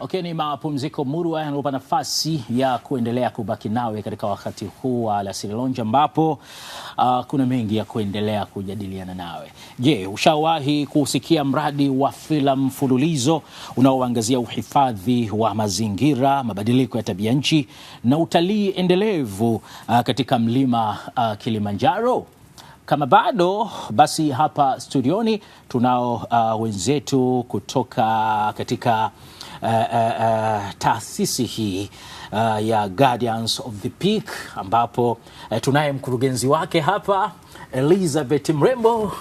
Okay, ni mapumziko murwa yanaopa nafasi ya kuendelea kubaki nawe katika wakati huu wa Alasiri Lounge ambapo uh, kuna mengi ya kuendelea kujadiliana nawe. Je, ushawahi kusikia mradi wa filamu mfululizo unaoangazia uhifadhi wa mazingira, mabadiliko ya tabia nchi na utalii endelevu uh, katika mlima uh, Kilimanjaro? Kama bado basi, hapa studioni tunao uh, wenzetu kutoka katika uh, uh, taasisi hii uh, ya Guardians of the Peak ambapo uh, tunaye mkurugenzi wake hapa Elizabeth Mrembo.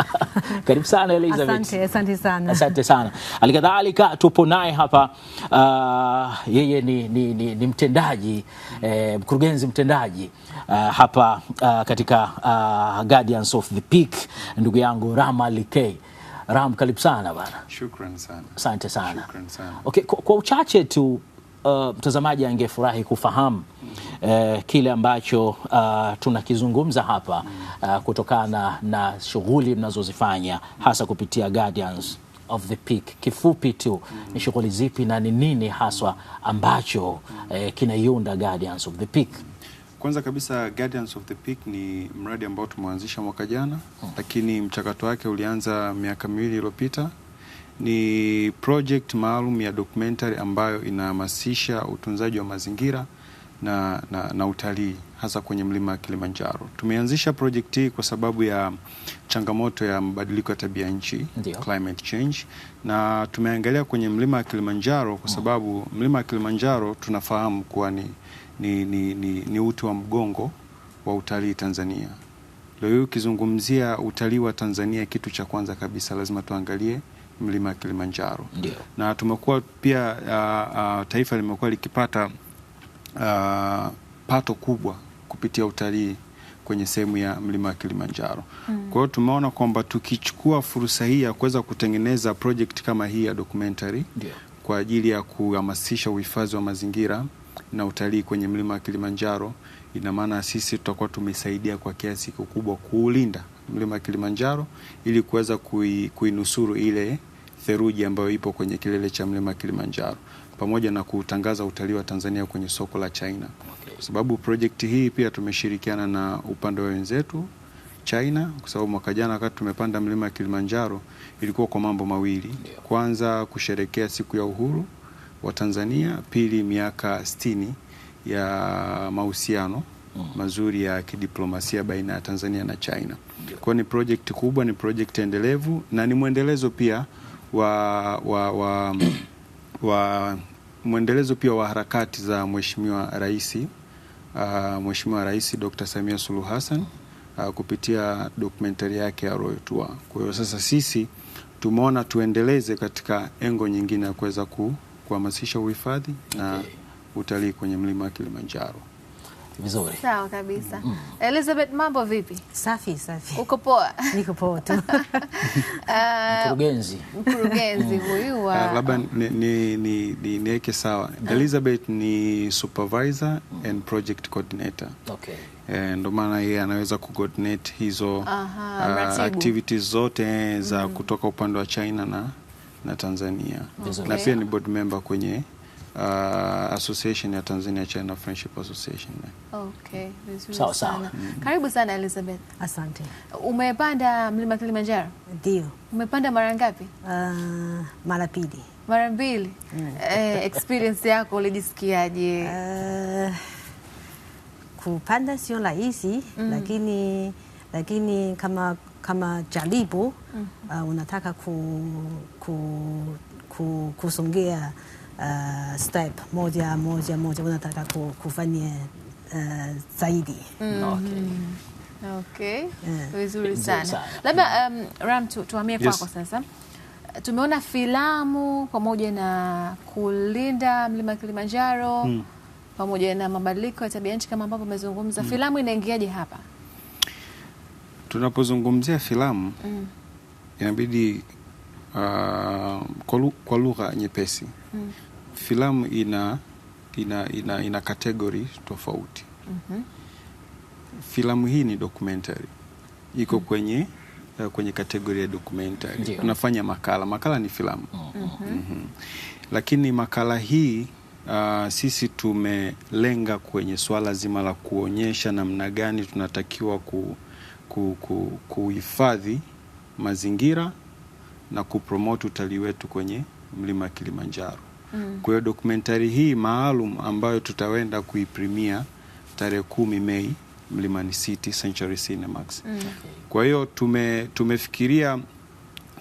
Karibu sana Elizabeth. Asante, asante sana. Asante sana. Alikadhalika tupo naye hapa uh, yeye ni, ni, ni, ni mtendaji eh, mkurugenzi mtendaji uh, hapa uh, katika uh, Guardians of the Peak ndugu yangu Rama Likei. Ram, karibu sana bana. Shukrani sana. Asante sana. Shukrani sana. Okay, kwa, kwa uchache tu uh, mtazamaji angefurahi kufahamu mm-hmm. uh, kile ambacho uh, tunakizungumza hapa mm-hmm. uh, kutokana na shughuli mnazozifanya hasa kupitia Guardians of the Peak. Kifupi tu mm-hmm. ni shughuli zipi na ni nini haswa ambacho uh, kinaiunda Guardians of the Peak? Kwanza kabisa Guardians of the Peak ni mradi ambao tumeanzisha mwaka jana hmm, lakini mchakato wake ulianza miaka miwili iliyopita. Ni project maalum ya documentary ambayo inahamasisha utunzaji wa mazingira na, na, na utalii hasa kwenye mlima wa Kilimanjaro. Tumeanzisha projekti hii kwa sababu ya changamoto ya mabadiliko ya tabia nchi climate change, na tumeangalia kwenye mlima wa Kilimanjaro kwa mm. sababu mlima wa Kilimanjaro tunafahamu kuwa ni, ni, ni, ni, ni uti wa mgongo wa utalii Tanzania. Leo hii ukizungumzia utalii wa Tanzania, kitu cha kwanza kabisa lazima tuangalie mlima wa Kilimanjaro. Ndiyo. Na tumekuwa pia uh, uh, taifa limekuwa likipata uh, pato kubwa kupitia utalii kwenye sehemu ya mlima wa Kilimanjaro. Mm. Kwa hiyo tumeona kwamba tukichukua fursa hii ya kuweza kutengeneza project kama hii ya documentary yeah, kwa ajili ya kuhamasisha uhifadhi wa mazingira na utalii kwenye mlima wa Kilimanjaro, ina maana sisi tutakuwa tumesaidia kwa kiasi kikubwa kuulinda mlima wa Kilimanjaro ili kuweza kuinusuru ile theruji ambayo ipo kwenye kilele cha mlima wa Kilimanjaro pamoja na kutangaza utalii wa Tanzania kwenye soko la China, kwa sababu projekti hii pia tumeshirikiana na upande wa wenzetu China kwa sababu mwaka jana wakati tumepanda mlima ya Kilimanjaro ilikuwa kwa mambo mawili. Kwanza, kusherekea siku ya uhuru wa Tanzania; pili, miaka sitini ya mahusiano mm. mazuri ya kidiplomasia baina ya Tanzania na China. Kwa ni project kubwa, ni project endelevu na ni mwendelezo pia wa, wa, wa wa mwendelezo pia wa harakati za Mheshimiwa Rais uh, Mheshimiwa Rais Dr. Samia Suluhu Hassan uh, kupitia dokumentari yake ya Royal Tour. Kwa hiyo sasa sisi tumeona tuendeleze katika engo nyingine ya kuweza kuhamasisha uhifadhi na utalii kwenye mlima wa Kilimanjaro vizuri. Sawa kabisa. mm -hmm. Elizabeth, mambo vipi? Safi safi. Uko poa? Niko poa tu. Eh, mkurugenzi mkurugenzi mm. huyu wa eh, labda ni ni ni niweke sawa. Ah. Elizabeth ni supervisor mm. and project coordinator. Okay. Eh, ndo maana yeye anaweza ku coordinate hizo uh, activities zote za mm -hmm. kutoka upande wa China na na Tanzania. Okay. Na pia ni board member kwenye uh, association ya Tanzania China Friendship Association. Okay, vizuri so, sana. Mm. Karibu sana Elizabeth. Asante. Umepanda mlima Kilimanjaro? Ndio. Umepanda mara ngapi? Uh, mara pili. Mara mbili. Mm. Eh, experience yako ulijisikiaje? Uh, kupanda sio rahisi mm. lakini lakini kama kama jaribu mm -hmm. uh, unataka ku, ku, ku, kusongea uh, step moja moja moja unataka kufanya uh, zaidi mm -hmm. okay. Okay. Yeah. sana labda um, Ram tu, kwako yes. Sasa tumeona filamu pamoja na kulinda mlima Kilimanjaro mm. pamoja na mabadiliko ya tabia nchi kama ambavyo umezungumza mm. filamu inaingiaje hapa tunapozungumzia filamu mm. inabidi uh, kwa lugha nyepesi mm. Filamu ina ina, ina, ina kategori tofauti mm -hmm. Filamu hii ni documentary iko mm. kwenye uh, kwenye kategori ya documentary yeah. Tunafanya makala, makala ni filamu mm -hmm. Mm -hmm. Lakini makala hii Uh, sisi tumelenga kwenye swala zima la kuonyesha namna gani tunatakiwa ku, ku, ku, kuhifadhi mazingira na kupromote utalii wetu kwenye mlima Kilimanjaro. Mm. Kwa hiyo dokumentari hii maalum ambayo tutaenda kuiprimia tarehe kumi Mei Mlimani City Century Cinemax. Mm. Kwa hiyo tume, tumefikiria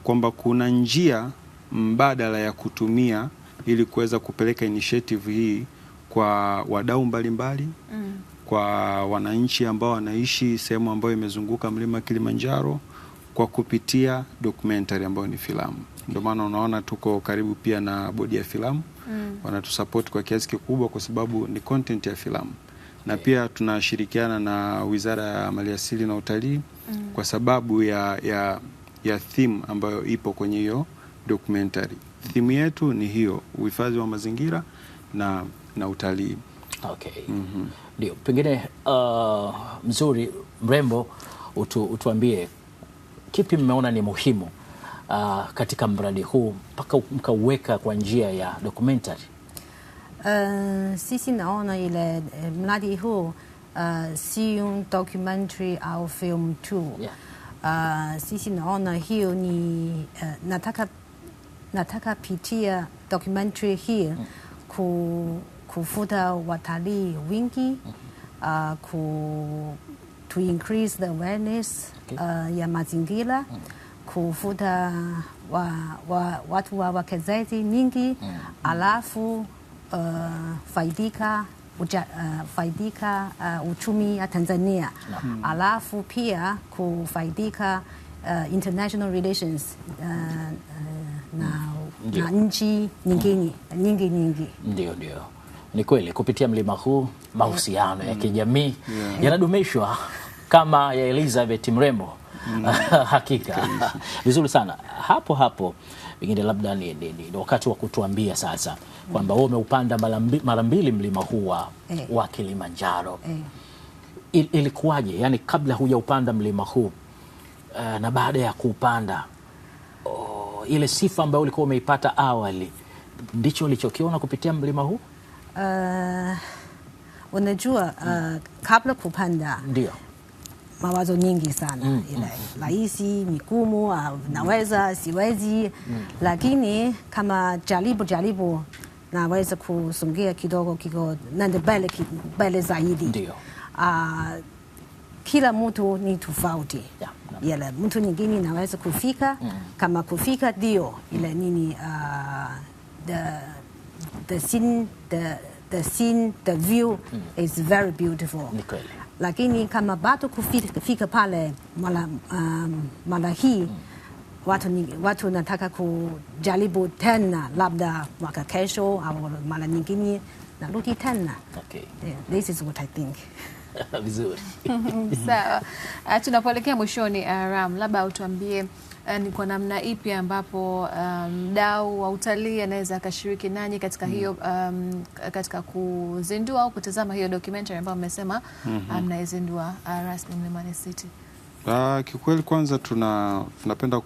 kwamba kuna njia mbadala ya kutumia ili kuweza kupeleka initiative hii kwa wadau mbalimbali mm. kwa wananchi ambao wanaishi sehemu ambayo imezunguka mlima Kilimanjaro kwa kupitia documentary ambayo ni filamu. Ndio maana unaona tuko karibu pia na bodi ya filamu mm. wanatusupport kwa kiasi kikubwa, kwa sababu ni content ya filamu na pia tunashirikiana na Wizara ya Maliasili na Utalii mm. kwa sababu ya, ya, ya theme ambayo ipo kwenye hiyo documentary. Theme yetu ni hiyo uhifadhi wa mazingira na, na utalii. Okay. Mm -hmm. Ndio, pengine uh, mzuri mrembo utu, utuambie kipi mmeona ni muhimu uh, katika mradi huu mpaka mkauweka kwa njia ya documentary? Uh, sisi naona ile eh, mradi huu uh, si documentary au film tu yeah. Uh, sisi naona hiyo ni uh, nataka, nataka pitia documentary hii mm. ku, kufuta watalii wingi mm -hmm. uh, ku to increase the awareness okay. uh, ya mazingira mm. kufuta wa, wa, watu wa wakezezi mingi mm. mm. alafu uh, faidika uja, uh, faidika uh, uchumi ya Tanzania mm. alafu pia kufaidika uh, international relations uh, uh, na, na nchi nyingine mm. nyingi nyingi, ndio ndio ni kweli kupitia mlima huu mahusiano yeah. ya mm. kijamii yeah. yanadumishwa kama ya Elizabeth Mrembo mm. hakika vizuri sana hapo hapo, pengine labda ni, ni, ni wakati wa kutuambia sasa kwamba wewe umeupanda mara mbili mlima huu wa eh. Kilimanjaro eh. Il, ilikuwaje yani kabla hujaupanda mlima huu uh, na baada ya kuupanda oh, ile sifa ambayo ulikuwa umeipata awali ndicho ulichokiona kupitia mlima huu? Uh, unajua uh, kabla kupanda ndio mawazo nyingi sana mm, ile mm. rahisi mikumu naweza siwezi mm, lakini kama jaribu jaribu naweza kusongea kidogo kiko nende mbele mbele zaidi. Ndio. Uh, kila mtu ni tofauti yeah, yeah. mtu nyingine naweza kufika mm, kama kufika ndio ile nini uh, the, the scene, the, the scene, the view mm, is very beautiful. Nikweli lakini kama bado kufika pale mala, um, mara hii watu, watu nataka kujaribu tena, labda mwaka kesho au mara nyingine narudi tena. Okay. Yeah, this is what I think. Vizuri. Sawa. Ah, tunapoelekea mwishoni, uh, Ram, labda utuambie Eh, ni kwa namna ipi ambapo um, mdau um, wa utalii anaweza akashiriki nanyi katika hiyo mm. um, katika kuzindua au kutazama hiyo documentary ambayo mmesema mhm. um, mnaizindua mm -hmm. uh, rasmi Mlimani City? Uh, ah, kiukweli kwanza tuna tunapenda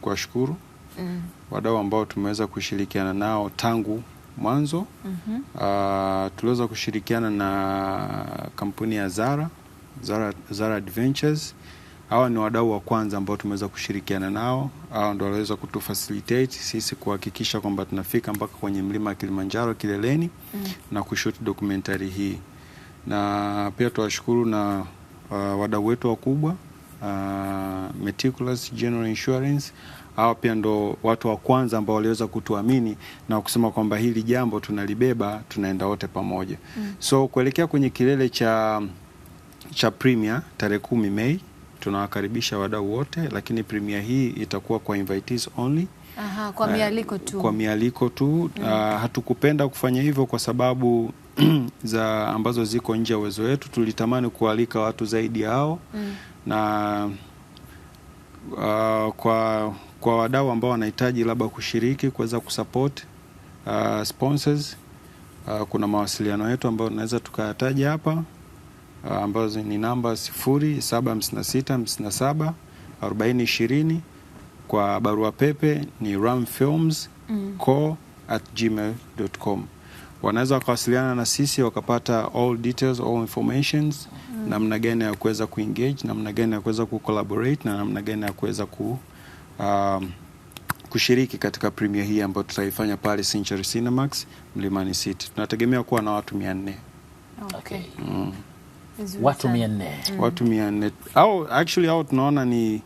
kuwashukuru mm. wadau ambao tumeweza kushirikiana nao tangu mwanzo mm -hmm. uh, tuliweza kushirikiana na kampuni ya Zara Zara, Zara Adventures hawa ni wadau wa kwanza ambao tumeweza kushirikiana nao. Hawa ndo waliweza kutufacilitate sisi kuhakikisha kwamba tunafika mpaka kwenye mlima wa Kilimanjaro kileleni mm. na kushoot documentary hii, na pia tuwashukuru na uh, wadau wetu wakubwa uh, Meticulous General Insurance. Hawa pia ndo watu wa kwanza ambao waliweza kutuamini na kusema kwamba hili jambo tunalibeba, tunaenda wote pamoja mm. so kuelekea kwenye kilele cha, cha premier tarehe kumi Mei tunawakaribisha wadau wote, lakini premiere hii itakuwa kwa invitees only. Aha, kwa eh, mialiko tu, kwa mialiko tu. Mm. Uh, hatukupenda kufanya hivyo kwa sababu za ambazo ziko nje ya uwezo wetu. Tulitamani kualika watu zaidi hao. Mm. na uh, kwa, kwa wadau ambao wanahitaji labda kushiriki kuweza kusupport uh, sponsors uh, kuna mawasiliano yetu ambayo tunaweza tukayataja hapa uh, ambazo ni namba 0756574020 kwa barua pepe ni ramfilmsco@gmail.com. Wanaweza wakawasiliana na sisi wakapata all details, all informations mm. namna gani ya kuweza kuengage, namna gani ya kuweza kucollaborate na namna gani ya kuweza ku um, kushiriki katika premiere hii ambayo tutaifanya pale Century Cinemax Mlimani City. Tunategemea kuwa na watu 400. Okay. Mm watu mia nne mm. watu mia nne au actually au tunaona ni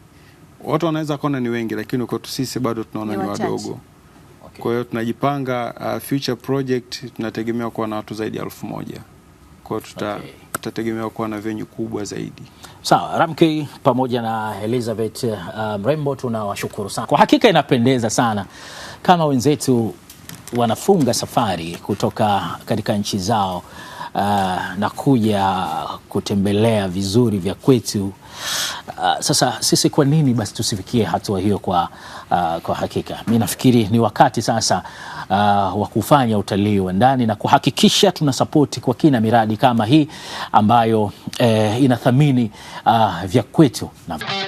watu wanaweza kuona ni wengi, lakini kwetu sisi bado tunaona ni wadogo. Okay. Kwa hiyo tunajipanga uh, future project tunategemea kuwa na watu zaidi ya elfu moja kwa hiyo tuta okay tutategemewa kuwa na venyu kubwa zaidi. Sawa, Ramki pamoja na Elizabeth Mrembo, um, tunawashukuru sana. Kwa hakika inapendeza sana kama wenzetu wanafunga safari kutoka katika nchi zao uh, na kuja kutembelea vizuri vya kwetu. Uh, sasa sisi kwa nini basi tusifikie hatua hiyo kwa, uh, kwa hakika mi nafikiri ni wakati sasa uh, wa kufanya utalii wa ndani na kuhakikisha tuna sapoti kwa kina miradi kama hii ambayo eh, inathamini uh, vya kwetu na